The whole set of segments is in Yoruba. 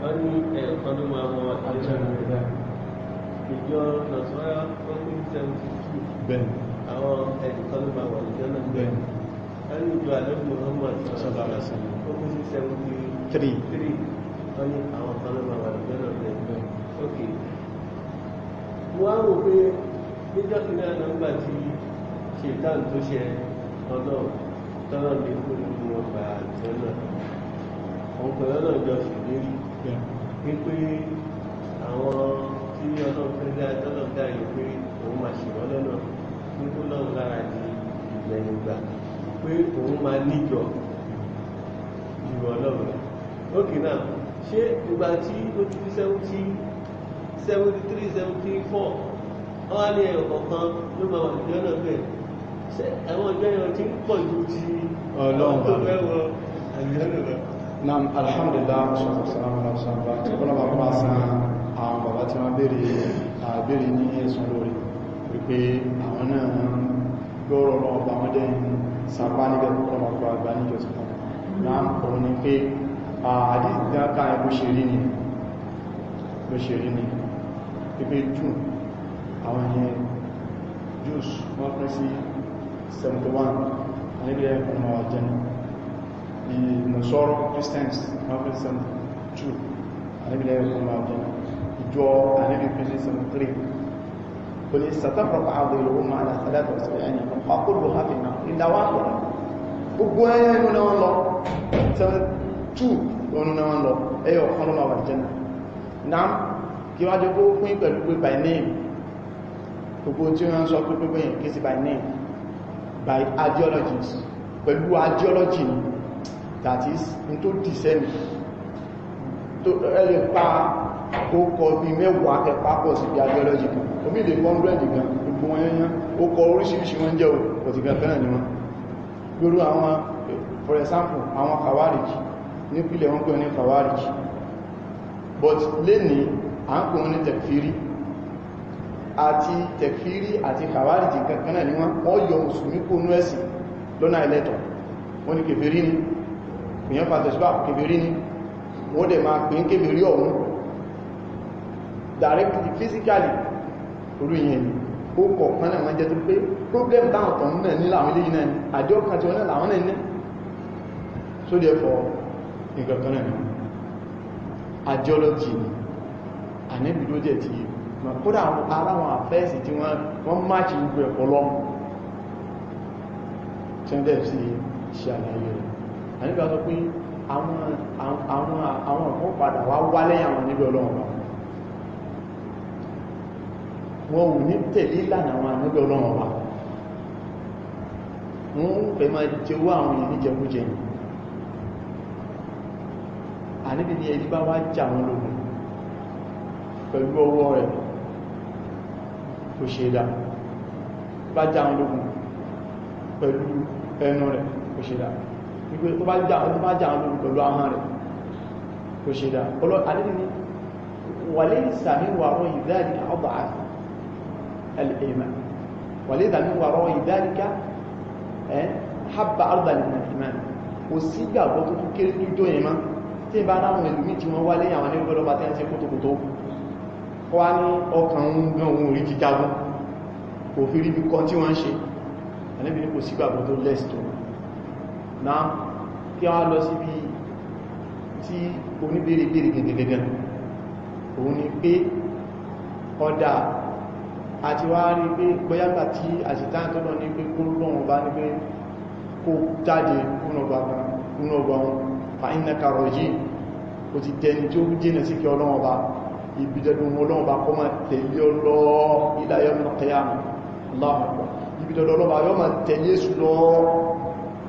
wọ́n ní ẹ̀ẹ̀kan ló máa wọ àjẹ́rẹ̀ ìjọ nàìjíríà wọ́n ní seventy two bẹ́ẹ̀ àwọn ẹ̀ẹ̀kan ló máa wọ ìjọ náà wọ́n ní ìjọ àlẹ́ muhammad sọ̀rọ̀ ó kú sí seventy three wọ́n ní àwọn kan ló máa wọ ìjọ náà bẹ́ẹ̀ ok wọ́n á rò pé níjọ́ kí náà nọ́mbà ti ṣètàn tó ṣe ọlọ́run tọ́lọ́ lè kó nínú ọgbà àjọ náà òun pẹ̀lú yẹn wípé àwọn tí ọlọ́run fẹ́ dá tọ́lọ́run dá yìí pé òun máa ṣe wọ́n lọ́nà pé ó lọ́run lára di ìgbẹ̀yìn gbà pé òun máa níjọ ju ọlọ́run lọ. lókè náà ṣé ìgbà tí ó ti fi seventy seventy three seventy four wọ́n ní ẹ̀rọ kọ̀ọ̀kan ló máa wà níjọ́ náà bẹ́ẹ̀ ṣé àwọn ọjọ́ yẹn ti ń pọ̀ ju ti ọlọ́run tó fẹ́ wọ àjọ náà alhamdulillah ṣọ́fẹ́ sọ́lọ́mọ́ ọ̀sánbà tí ó lọ́wọ́ pàá sán àwọn bàbá tí wọ́n bèèrè ní ẹ̀sùn lórí wípé àwọn náà lọ́rọ̀ ọba wọn dẹ́ sàpá nígbẹ̀ púpọ̀lọpọ̀ àgbà níjọ sí wọn náà ọ̀rọ̀ ni pé àdíjáká ẹgbó ni ló ṣe ni pípé jù àwọn ẹ̀yẹn jùs wọ́n pín sí 71 nílẹ̀ ìnàṣọ́rọ̀ christians conference 2 àníbìlẹ̀ ẹ̀kọ́ máa bọ̀ ìjọ àníbì christian 3 kò ní sàtàfà pàdé ìlú máa dà sàdàtà ọ̀sẹ̀ ẹ̀yìn pàkóòlù hafina ìdáwà àkọ́rọ̀ gbogbo ẹnu náà lọ 2 ọ̀nà náà lọ ẹyọ ọ̀kan ló máa wà jẹ́nà náà kí wá jẹ́ kó pín pẹ̀lú pé by name gbogbo tí wọ́n sọ pé pé pé yẹn kí sí by name by ideologies pẹ̀lú ideology that is in tó dìsẹ́mì tó ẹlẹ́ pa ó kọ bí mẹ́wàá ẹ̀pápọ̀ sí bí ideology kan omi lè 100 gan gbogbo wọn yẹn ó kọ oríṣiríṣi wọn jẹ́ òtìgàn fẹ́ràn ni wọn gbogbo àwọn for example àwọn kawarij nípìlẹ̀ wọn pé ní kawarij but lẹ́ni à ń pè wọn ní tekfiri àti tekfiri àti kawarij kankanáà ni wọn wọ́n yọ mùsùlùmí kó nú ẹ̀sìn lọ́nà ilẹ̀tọ̀ wọ́n ni kèfèrí ni èyàn fàtẹ̀síbà kèbèrí ní wọ́n dẹ̀ máa pín kèbèrí ọ̀hún directly physically orú ìyẹn ni ó kọ̀ọ̀kan náà jẹ́ tó pé problem táwọn tọ̀ náà ní láwọn ilé náà ni àjọ kan tí wọ́n náà láwọn náà ní so therefore nǹkan kan náà ideology ni àníbìdó jẹ́ ti kódà aláwọn àfẹ́ẹ̀sì tí wọ́n máàkì gbogbo ẹ̀kọ́ lọ́mù tí wọ́n dẹ̀ sí ṣe àlàyé rẹ̀ àníbà sọ pé àwọn ọ̀kan padà wá wálẹ̀ àwọn níbi ọlọ́run wọn ò ní tẹ̀lé ìlànà àwọn níbi ọlọ́run wa wọ́n ń pẹ̀ máa jẹ́wọ́ àwọn èèyàn ní jẹkújẹ àníbi ni ẹni bá wá jà wọn lógun pẹ̀lú ọwọ́ rẹ̀ kò ṣe dá bá jà wọn lógun pẹ̀lú ẹnu rẹ̀ kò ṣe dá ìgbé tó bá jà tó bá jà lórí pẹ̀lú ahọ́n rẹ̀ kò ṣe dá ọlọ́ àdínì ni wàlé ìsàmì wàrọ̀ ìdáríkà ọba àti ẹ̀lẹ́mà wàlé ìsàmì wàrọ̀ ìdáríkà ẹ̀ hábà àrùdàlì nàìjíríà kò sí gbàgbọ́ tó tún kéré tó jọ yẹn má tí bá dáhùn ẹlùmí tí wọ́n wá lẹ́yìn àwọn ẹgbẹ́ lọ́ba tẹ́ náà kí wọ́n lọ síbi tí oníbèrèbèrè gẹ̀gẹ̀gẹ̀gẹ̀ òun ni pé ọ̀dà àti wá rí pé gbọ́yàgbà tí àṣìtàn tó lọ ní pé kó lọ́wọ́n bá ní pé kó jáde kúnnà ọgbà wọn fa iná karọ̀ yìí ó ti tẹni tí ó jẹ́nà sí kí ọlọ́wọ́n bá ibidọ́dún ọlọ́wọ́n bá kọ́ máa tẹ̀lé ọlọ́ ìlàyọ́ mọ̀ kẹyàmù aláwọ̀ ibidọ́dún ọlọ́wọ́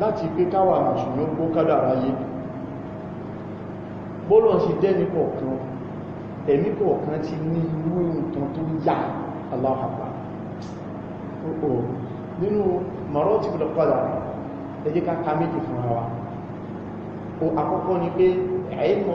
láti pé káwà mùsùlùmí ó kádàrá yé bọ́lọ̀ sí dẹ́ni kọ̀ọ̀kan ẹ̀mí kọ̀ọ̀kan ti ní irú nǹkan tó yà aláhàpá nínú mọ̀rọ̀ ti gbọ́dọ̀ padà ẹ jẹ́ ká ká méjì fún ara o àkọ́kọ́ ni pé ẹ̀yẹ́mọ̀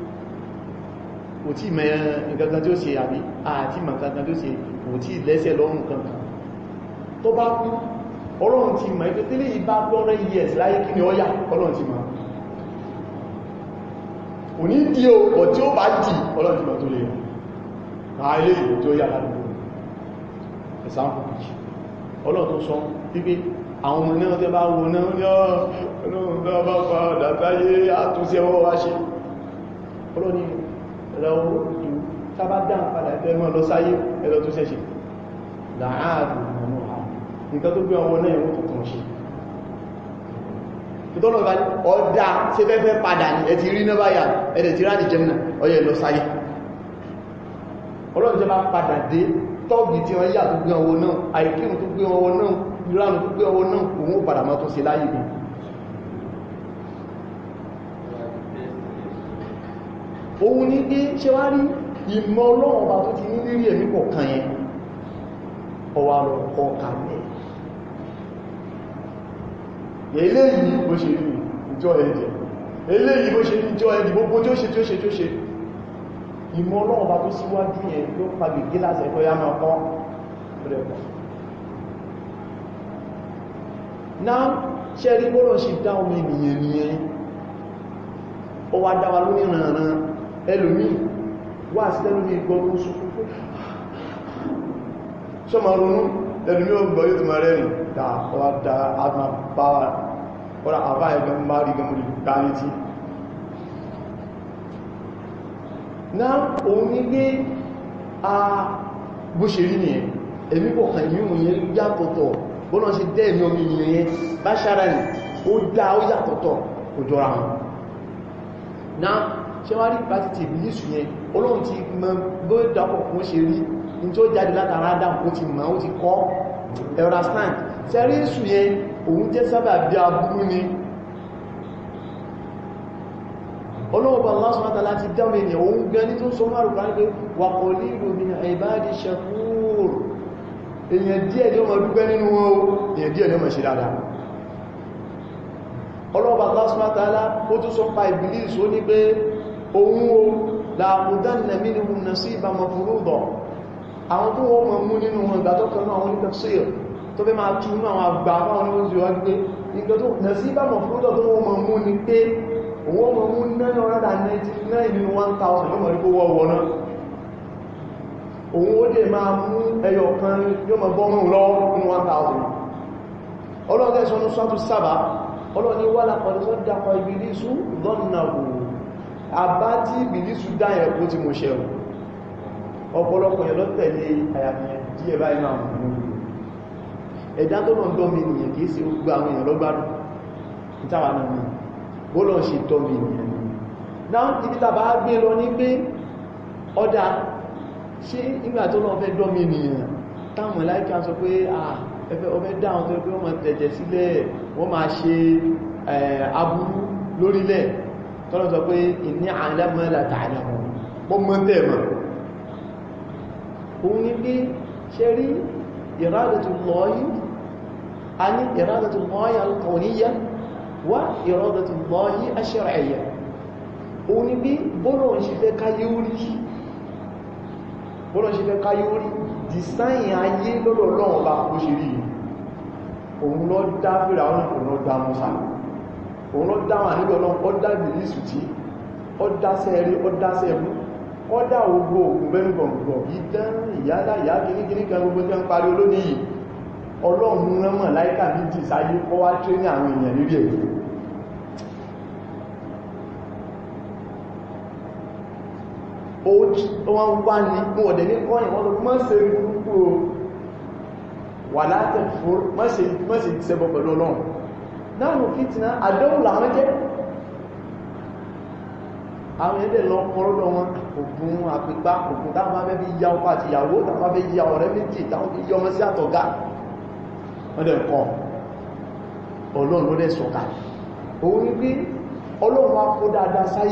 kò tí mẹ́ nǹkan tí ó ṣe àbí àti mọ̀kankan tí ó ṣe kò tí lẹ́sẹ̀ lọ́rùn kankan tó bá kú ọlọ́run ti mọ̀ ipé tẹ́lẹ̀ ìbá gbọ́rẹ́ years láyé kí ni ọya ọlọ́run ti mọ̀ kò ní dí o tí ó bá dì ọlọ́run ti mọ̀ tó lè ààrẹ ọlọ́run tó lọ́wọ́ ìlú tábá dáa padà ẹmọ́ lọ sáyé ẹlọ tó ṣẹ́ṣe láàárín ọmọ àwọn nǹkan tó gbé ọmọ náà ìwọ́n tó kàn ṣe ìtọ́lọ̀gbà ọdá tí fẹ́fẹ́ padà ní ẹ ti rí náà báyà ẹ̀dẹ̀ ti ráàdì jẹ́mìnà ọyẹ lọ sáyé ọlọ́run jẹba padà dé tọ́ọ̀gì tí wọ́n yà tó gbé ọwọ́ náà àìkírùn tó gbé ọwọ́ náà ìrànù tó gbé ọwọ́ náà òun ó padà máa tó ṣe láyé bìí òun ní pé ṣe wá rí ìmọ̀ ọlọ́run ọba tó ti ní lérí ẹ̀mí kọ̀ọ̀kan yẹn ọwà lọ kọ́ kalẹ̀ eléyìí bó ṣe rí ìjọ ẹ̀jẹ̀ eléyìí bó ṣe rí ìjọ ẹ̀jẹ̀ gbogbo tí ó ṣe tí ó ṣe tí ó ṣe ìmọ̀ ọlọ́run ọba tó síwájú yẹn ló pàgbègbè láti ẹ̀kọ́ yá máa kọ́ rẹ̀kọ́ náà ṣẹ́rí bọ́lọ̀ ṣe dá omi ènìyàn nìyẹn ó wá dá wa lónìí rànràn ẹlòmí wà sí tẹ́lùmí ìgbọ́gbọ́ sókún fún ṣọ́ ma ronú ẹlòmí ọgbọ̀ yóò tó ma rẹ̀ rìn èmi kò kàn yíò yẹn yàtọ̀tọ̀ bọ́nà ṣe dẹ́ ìmọ̀ ìyẹn yẹn bá ṣára ní ó dá ó yàtọ̀tọ̀ kò jọra wọn náà ṣe wá rí ìbá ti ti ìbìlísù yẹn Ọlọ́run ti mọ bó dápọ̀ fún ṣe rí ní tó jáde látara adam ó ti mọ̀ ó ti kọ́ understand ṣe rí ìsù yẹn òun jẹ́ sábà bí aburú ni Ọlọ́run bá lásán látara ti dáwọn ènìyàn òun gan ní tó sọ márùn-ún pé wà kọ̀ lílò ní ìbádi ṣakúrò èèyàn díẹ̀ ni ó máa dúpẹ́ nínú wọn èèyàn díẹ̀ ni ó máa ṣe dáadáa ọlọ́ọ̀bà lásán látara ó tún sọ pa ìbìlísù ó ní pé òun o láàmùdánà mínú nàṣí ìbámọ̀ fúrúdọ̀ àwọn tó wọ́n mọ̀ mú nínú wọn ìgbà tó kan náà wọn ní tafsir tó fẹ́ máa túnú àwọn àgbà àwọn oúnjẹ wá gbé ìgbà tó nàṣí ìbámọ̀ fúrúdọ̀ tó wọ́n mọ̀ mú ní pé wọ́n mọ̀ mú 999 nínú 1000 lọ́mọ̀ rí kó wọ́ wọ́n náà òun ó dè máa mú àbá tí ìbìlísù dáyẹ̀ kó ti mọ̀ ṣẹ̀rù ọ̀pọ̀lọpọ̀ yẹ̀ lọ́tẹ̀lé àyàmìyàn díẹ̀ báyìí náà ẹ̀dá tó lọ ń dọ́ mi nìyàn kìí sí gbogbo àwọn èèyàn lọ́gbàdùn ìtawà náà mi ó lọ ṣe tọ́ mi nìyàn ni náà ibi tàbá gbé lọ ní pé ọ̀dà ṣé ìgbà tó lọ fẹ́ dọ́ mi nìyàn táwọn láìka sọ pé ọfẹ́ dáhùn tó pé wọ́n tẹ̀jẹ̀ sílẹ̀ wọ́n máa ṣe aburú lórílẹ̀ tọ́lọ̀ sọ pé ìní àìlẹ́mọ́lá tààlà mọ́ mọ́ tẹ́ẹ̀mọ́ òun ni pé ṣe rí ìrádàtùlọ́yí a ní ìrádàtùlọ́yí alkọ̀níyà wá ìrádàtùlọ́yí aṣẹ́rẹ̀ẹ̀yà òun ni pé bọ́rọ̀ ṣe fẹ́ káyé orí dìsáyìn ayé lọ́dọ̀ lọ́wọ́ lọ dá fíra ọ̀nà òun lọ dá mọ́sàlù òun ló dá wà níbi ọlọ́run ó dá ìbìlísù tí ó dá sẹ́ẹ̀rí ó dá sẹ́ẹ̀bú ó dá ogbò ògùn bẹ́ngbọ̀ngbọ̀ ìdán ìyálà ìyá gínígíní kan gbogbo tí wọ́n parí olónìí yìí ọlọ́run rán mọ̀ láìka méjì sáyé ó wá tré ní àwọn èèyàn lórí èyí ó wọ́n wá ní mú ọ̀dẹ̀ ní kọ́yìn wà látẹ̀ fún mọ́ pẹ̀lú ọlọ́run náàrùn fìtínà àdánwò làwọn jẹ́ àwọn ẹ̀dẹ̀ lọ kọ́rọ́dọ̀ wọn ògùn àpìpá ògùn táwọn bá fi ya ọkọ àti ìyàwó táwọn bá fi ya ọ̀rẹ́ méjì táwọn fi yọ ọmọ sí àtọ̀gá wọ́n dẹ̀ kọ́ ọlọ́run ló dẹ̀ sọ̀kà òun ní pé ọlọ́run wá kó dáadáa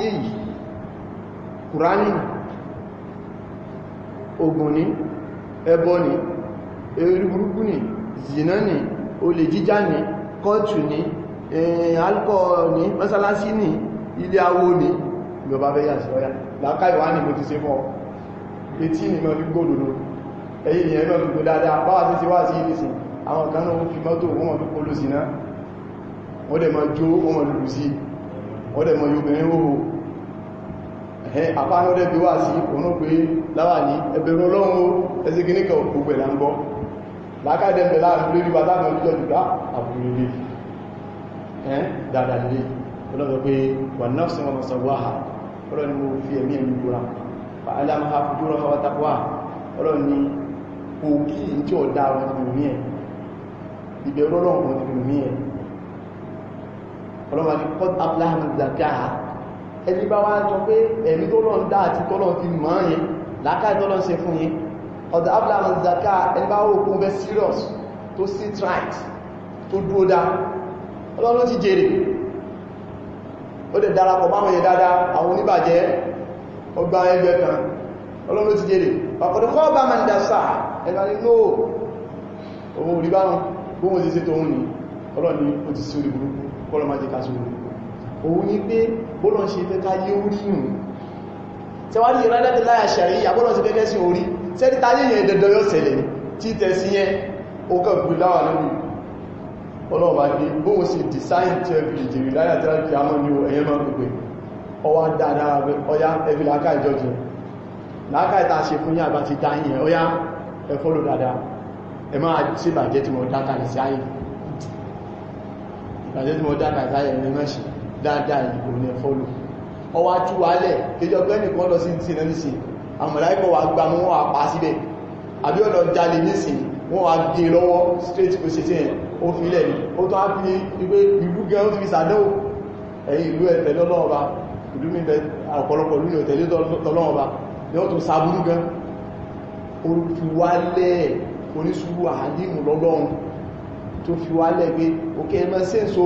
burúkú ní zìnà ní olè jíjà ní kọ́ọ̀tù ní Eh, alkọ̀ ní mọ́sálásí ní ilé awó ní ìjọba bẹ́yà sí ọya láká ìwá ní mo ti ṣe fọ́ etí ní mọ́ fi gbóòdòdó ẹ̀yìn ìyẹn náà gbogbo dáadáa báwà sí ti wá sí ìdí sí àwọn kan náà fi mọ́tò wọ́n fi polo sí náà wọ́n dẹ̀ mọ́ jó wọ́n lùlù sí wọ́n dẹ̀ mọ́ yóbìnrin hóhó ẹ̀hẹ́ apáhán ọdẹ́ bí wá sí òun pé láwà ní ẹbẹ̀rún ọlọ́run ẹsẹ̀ kìníkà òkú pẹ̀lá ń dáadáa lè ọlọ́dọ̀ pé wọ́n náà sí wọn sọ wáhà ọlọ́ni mo fi ẹ̀mí ẹ̀mí búra fa alámọ́ha fújúra wa takwá ọlọ́ni kò kí n tí ó dá wọn ti lùmí ẹ̀ ìbẹ̀rù ọlọ́run wọn ti lùmí ẹ̀ ọlọ́wà ní port abraham zakaha ẹni bá wá jọ pé ẹ̀mí tó lọ́n dá àti tọ́lọ́n fi mọ́ ọ̀dọ̀ abraham zakaha ẹni bá wó bẹ́ serious tó sí trite tó dúró dáa ọlọ́run ti jèrè ó dẹ̀ darapọ̀ báwọn yẹ dáadáa àwọn oníbàjẹ́ ọgbà ẹgbẹ́ kan ọlọ́run ti jèrè ọ̀pọ̀dọ̀ kọ́ bá ma ń dà sáà ẹ̀bà ní nóò òun ò rí bá wọn gbóhun ti ṣe tó ń ní ọlọ́ni ó ti sí orí burúkú kọ́lọ̀ má jẹ́ ká sí orí òun ní pé bọ́lọ̀ ṣe fẹ́ ká yé orí yùn tẹwàá ìrẹ́lẹ́tẹ̀ láyà ṣàríyà ọlọ́ọ̀bá ní bóhùn sí design tí ẹbí ìjìrì láyà tí láti àmọ́ ní ẹ̀yẹ́ máa pèpè ọwá dáadáa rẹ̀ ọya ẹbí láàká ìjọjù láàká ìta ṣe fún ní àbá ti dáyìn ọya ẹfọ́lò dáadáa ẹ máa sí bàjẹ́ tí mo dáta ní sáyìn bàjẹ́ tí mo dáta ní sáyìn ní mẹ́ṣì dáadáa ìdìbò ní ẹfọ́lò ọwá tú wálẹ̀ kéjọ pé nìkan lọ sí ti nẹ́nìsì àmọ̀láìkọ̀ wà gbà mú wọn àpá síbẹ̀ àbí ọ̀nà jalè nísìn wọn wà gbé lọ́wọ́ straight position ó fi ilẹ̀ ó tó á fi wípé ìlú gan ó ti fi sàdánwò ẹ̀yìn ìlú ẹ̀tẹ̀lẹ́ ọlọ́ọ̀ba ìlú mi ọ̀pọ̀lọpọ̀ ìlú ẹ̀tẹ̀lẹ́ ọlọ́ọ̀ba ni ó tún sàbúrú gan ó fi wálẹ̀ oníṣúrú àhálìmù lọ́lọ́run tó fi wálẹ̀ pé òkè ẹmọ́ sí èso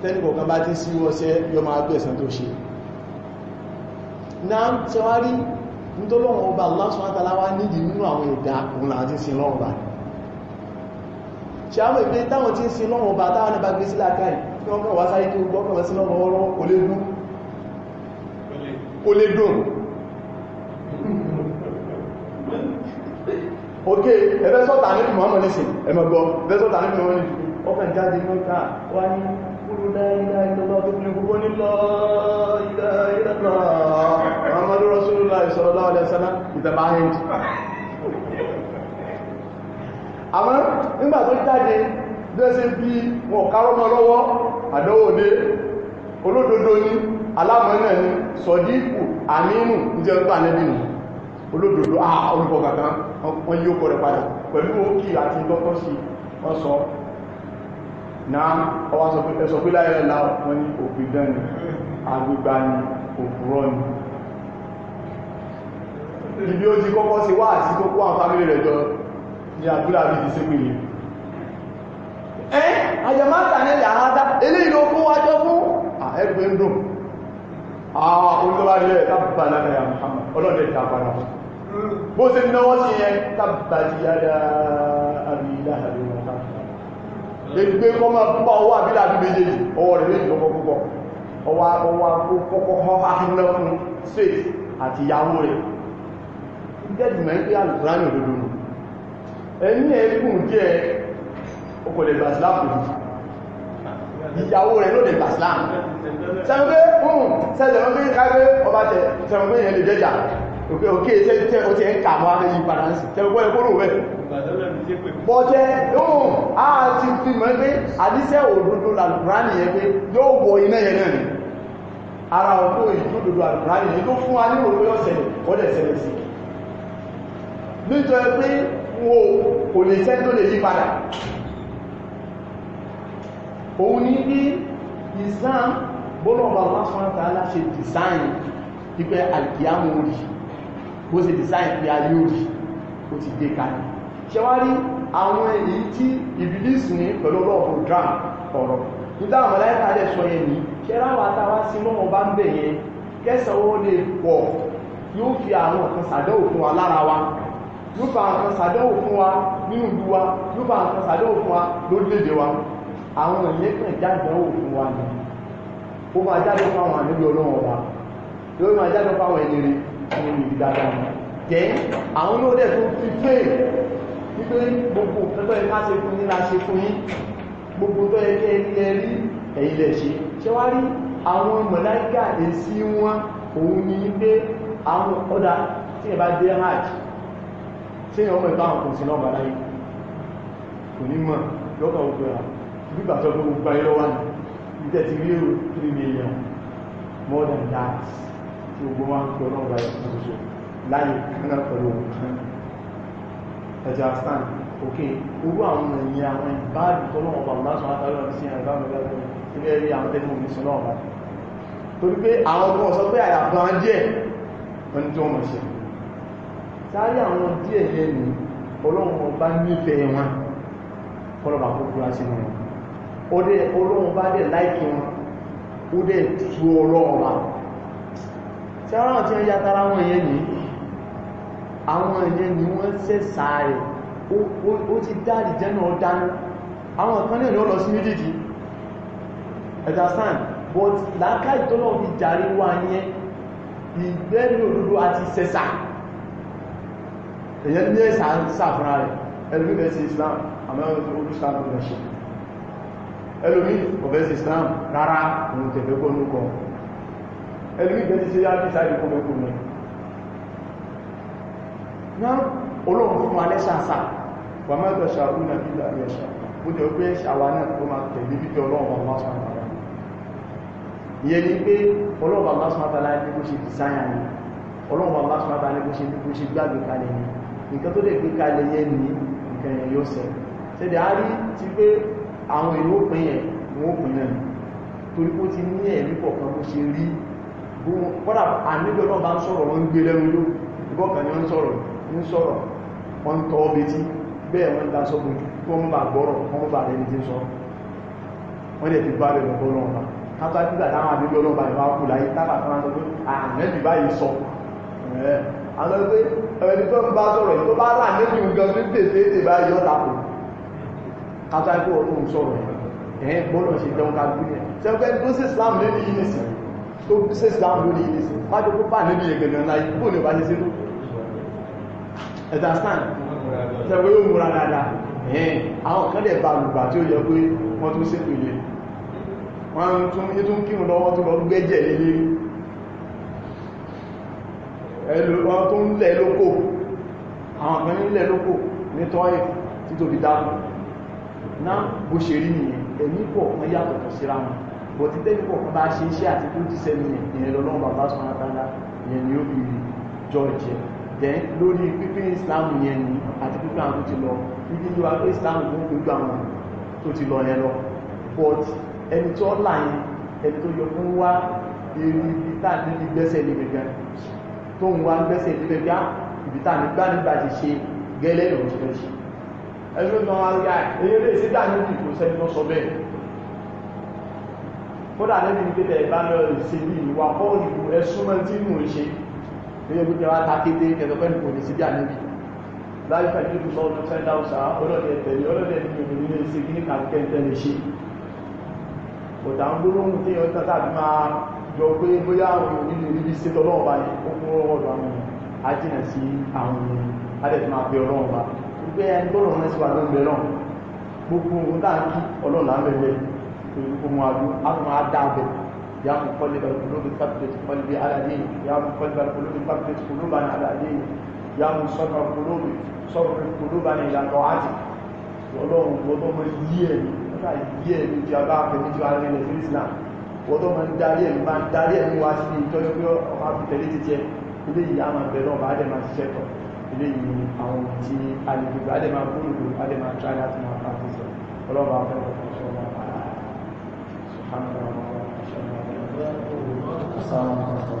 tẹ́nìkọ̀ọ̀kan bá ti sí wọ́sẹ́ yọ máa tó ẹ̀sàn tó ṣe náà tẹwárí nítọ́lọ́run ọba Allah subhanahu wa ta'ala wá nídìí nínú àwọn ẹ̀dá òun láti sin lọ́run báyìí ṣàmù ìpé táwọn tí ń sin lọ́wọ́ bá táwọn nípa gbé sí lákàáì tí wọ́n kọ̀ wá sáré kí gbọ́kọ̀ wọ́n sí lọ́wọ́ ọ̀rọ̀ kò lè dùn ok ẹgbẹ́ sọ́tà ní Muhammad nísìn ẹmọ̀gbọ́ ẹgbẹ́ sọ́tà ní Muhammad nísìn ọkàn jáde mọ́ta wá ní kúrò láìláì tọ́lọ́ tó kúrò gbogbo nílọ́ ìdáìdá àmọ́ nígbà tó jáde bẹ́ẹ̀sẹ̀ bí wọn kárọ́ mọ́ lọ́wọ́ àdánwò dé olódodo ní alámọ́nà ní sọ̀díkù àmínú ìjẹ́rúgbà nẹ́bí nù olódodo à kankan wọ́n yí ó padà pẹ̀lú òkì àti ìdọ́kọ́ ibi wá àti kókó àwọn fámílì rẹ̀ jọ ni àdúrà bí i ṣe pé yìí ẹ́ àjẹmáta ní àádá ilé ìlú fún wájọ́ fún ẹgbẹ́ ń dùn àwọn olùdọ́bàrílẹ̀ tàbàlá ẹ̀yà Muhammad ọlọ́dẹ̀ tàbàlá bó ṣe náwọ́ sí yẹn tàbàlá yára àbílá àbílá ẹgbẹ́ kọ́ máa púpọ̀ ọwọ́ àbílá àbí méjèèjì ọwọ́ rẹ̀ lẹ́yìn lọ́pọ̀ púpọ̀ ọwọ́ àbọ̀wọ́ àkókò ahìnlẹ́kùn state àti ìyàwó rẹ̀ jẹ́ jùmọ̀ ń pé àlùkùránì òdodo nù ẹni ẹkùn díẹ̀ ọkọ̀ lè gbàsíláàpù ìyàwó rẹ̀ ló lè gbàsíláàpù sẹ́wọ́n pé hùn hmm, sẹ́jẹ̀ wọ́n pé káwé ọba tẹ̀ sẹ́wọ́n pé ìyẹn lè jẹ́jà òkè òkè tẹ́ o ti ń kà mọ́ àrẹ́yìn padà ń sì tẹ́wọ́n pé ẹkùn rò rẹ̀ bọ́jẹ́ hùn a ti fi mọ́ pé àdíṣẹ́ òdodo làlùkùránì yẹn pé yóò wọ iná yẹn náà ni ara ọkọ̀ ìdúdodo àlùkùránì yẹn tó fún wa nínú olóyọ̀sẹ̀lẹ̀ kọ́dẹ̀ sẹ̀lẹ̀ sí nítorí pé O, kò lè sẹ́ tó lè yí padà òun ní bí Islam bọ́lọ̀bà lásánàtà aláṣẹ design pípẹ́ alkiyamu orí bó ṣe design pé ayé orí ó ti dé kalẹ̀ ṣẹwárí àwọn èyí tí ìbílísì ní pẹ̀lú ọlọ́pọ̀ dram ọ̀rọ̀ nígbà àwọn aláìta rẹ̀ sọ yẹn ní ṣẹ́ráwà tàwá sí mọ́mọ́ bá ń bẹ̀ yẹn án lè pọ̀ yóò fi àwọn ọ̀kan sàdẹ́ òkun alára wa yóò bá nǹkan sàdánwò fún wa nínú ìlú wa yóò bá nǹkan sàdánwò fún wa lórílẹ̀-èdè wa àwọn ìyẹn kàn jádánwò fún wa ni ó máa jádọ́ fáwọn àníbí ọlọ́run ọba yóò máa jádọ́ fáwọn ẹni rí fún ibi dáadáa jẹ́ àwọn náà dẹ̀ tó fi fẹ́ wípé gbogbo nǹkan tó yẹ ká ṣe fún yín la ṣe fún yín gbogbo tó yẹ kẹ́ ilẹ̀ rí ẹ̀yìn lẹ̀ ṣe ṣe wá rí àwọn mọ̀láìkà èsì wọn òun ni pé àwọn ọ̀dà tí ẹ bá dé hajj tí èyàn ọmọ ìbá àwọn kò sí náà bàláyé kò ní mọ̀ lọ́kọ̀ òkú ẹ̀rà gbígbà tó gbogbo gba ilọ́ wà ní ìtẹ́ ti rí èrò 3 million more than that tí gbogbo wọn kí ọlọ́run bá yẹ fún ṣoṣo láyé kaná pẹ̀lú òkun ẹ̀jẹ̀ astan òkè owó àwọn ẹ̀yìn àwọn ìbáàdì tọ́lọ́wọ́n bá bá sọ sáré àwọn díẹ̀ yẹn ni ọlọ́run ọba nífẹ̀ẹ́ wọn kọlọ́ba kúkúrú sínú wọn ọdẹ ọlọ́run bá dẹ̀ láìkí wọn ó dẹ̀ tú ọlọ́run wa tí ara wọn wọn yẹn ni àwọn yẹn ni wọ́n sẹ̀sà rẹ̀ ó ti dáàdì jẹ́ náà dáná àwọn kan náà ni ó lọ sí méjèèjì ẹ̀dá but làákàyè tó lọ́ọ́ fi jàre wá yẹn ìgbẹ́ni òdodo àti sẹ̀sà èyàn ní ẹ̀sà ń sàfúnra rẹ̀ ẹlòmí bẹ́ẹ̀ sí Islam àmọ́ ojú Islam ló ṣe ẹlòmí ọ̀bẹ́ sí Islam rárá òun tẹ̀lé gbónú kọ ẹlòmí bẹ́ẹ̀ sí yá bíi sáré kọ́mẹ́kù mi náà olóhùn fún wa lẹ́sàsà wà mẹ́tọ̀ ṣàrú nà bí láàrin ẹ̀ṣà bó tẹ̀ pé ṣàwà náà tó máa tẹ̀lé bí tẹ ọlọ́run ọmọ sọ́nà ìyẹn ni pé ọlọ́run ọmọ sọ́nà tàlá ní bó ṣe dìsáyà ni ọlọ́run ọmọ sọ́nà tàlá ní bó ṣe gbàgbé kalẹ̀ ni nǹkan tó lè gbé kalẹ̀ yẹn ní nǹkan yẹn yóò sẹ ṣẹ̀dẹ̀ a rí ti pé àwọn èrò òpin yẹn wọ́n òpin náà torí kó ti ní ẹ̀rí kọ̀ọ̀kan bó ṣe rí kọ́dà àníjọ náà bá ń sọ̀rọ̀ wọ́n ń gbé lẹ́nu ló ìgbọ́kàn ni wọ́n ń sọ̀rọ̀ ń sọ̀rọ̀ wọ́n ń tọ́ betí bẹ́ẹ̀ wọ́n ń ta sọ́gun tó wọ́n bá gbọ́rọ̀ wọ́n bá lẹ́ni tí ń sọ wọ́n lè fi bá rẹ̀ lọ́pọ̀ náà bá kápá nígbà táwọn àníjọ náà bá ìbá kù láyé tábà kan sọ pé àmẹ́bì báyìí àwọn ẹgbẹ́ ẹni tó ń bá sọ̀rọ̀ tó bá rà níbi nǹkan ní tètè bá yọ tapò kátákó ọdún sọ̀rọ̀ ẹ̀yìn gbọ́nà ṣe jẹun ká gbé yẹn Islam lórí ìnísìn tó Islam lórí ìnísìn májò púpà níbi ìgbẹ̀nà náà ikú ní ọba ní sínú ẹ̀dàstán sẹ́gbẹ́ yóò múra dáadáa ẹ̀yìn àwọn kan lè ba lùgbà tí ó yẹ pé wọ́n tún sí ìpìlẹ̀ wọ́n tún kírun lọ́wọ́ tó lọ gbẹ́jẹ̀ lélẹ́rí ẹlòmọ́ tó ń lẹ̀ lókò àwọn kan ní lẹ̀ lókò ní tọ́ẹ̀ títóbi dáàbò náà bó ṣe rí nìyẹn ẹ̀mí pọ̀ kan yàtọ̀tọ̀ síra wọn bọ̀ ti tẹ́lẹ̀ pọ̀ kan bá ṣe iṣẹ́ àti tó ti sẹ́nu ìyẹn lọ́nà bàbá sọ́nà tánlá ìyẹn ni ó fi jọ ìjẹ́ then lórí pípín Islam yẹn ni àti pípín àwọn tó ti lọ ibi tó wá pé Islam tó ń gbogbo àwọn tó ti lọ yẹn lọ but ẹni tó là yẹn ẹni tó yọ fún wá èrè ibi tá gbẹ́sẹ̀ ní gbẹ̀gbẹ̀ tó ń wá ń gbẹ́sẹ̀ tó fẹ́ bí ìbítà nígbà nígbà ti ṣe gẹ́lẹ́ ìrùn tó ṣe ẹgbẹ́ tó wá rí ah, eré ìsídà ní ìdìbò sẹ́ni tó sọ bẹ́ẹ̀ kódà níbi ní pẹ́tẹ̀ ìbá lọ ìṣe ní ìwà bọ́ọ̀lù ẹ̀sùn mọ́ tí mò ń ṣe eré gbogbo wa ta kété kẹtọ̀pẹ́ ní kò ní sí bí àníbi láyé pẹ̀lú ìdúgbò ọdún sẹ́ńdà ọ̀sà ọlọ́dẹ tẹ̀lé ọlọ́dẹ ní òmìnir ní ìṣe kí ní kàkẹ́ ń tẹ́lẹ̀ ṣe kò dá jọ pé bóyá àwọn onílé níbi ṣe tọ́lọ́wọ́ bá yẹn ó kún ọwọ́ ọ̀dọ̀ àwọn ènìyàn á jìnà sí àwọn ènìyàn á dẹ̀ tún máa bẹ ọlọ́run bá wípé ẹni tó rọrùn ẹsẹ̀ wà ló ń bẹ náà gbogbo ohun tá ń kí ọlọ́run là ń bẹ dá bẹ yà mú kọ́lé bá olóbi kápẹ́tì kọ́lé bí aládé yà mú kọ́lé bá wọ́n tó máa ń darí ẹ̀mí máa ń darí ẹ̀mí wá sí ìtọ́jú pé ọmọ àbùtẹ̀lé ti jẹ ilé yìí á bẹ̀rẹ̀ ọba adẹ́ máa ṣiṣẹ́ tọ̀ ilé yìí àwọn tí alùpùpù adẹ́ máa búrúdù adẹ́ máa try láti máa bá ti sọ ọlọ́run àwọn ọmọ ọmọ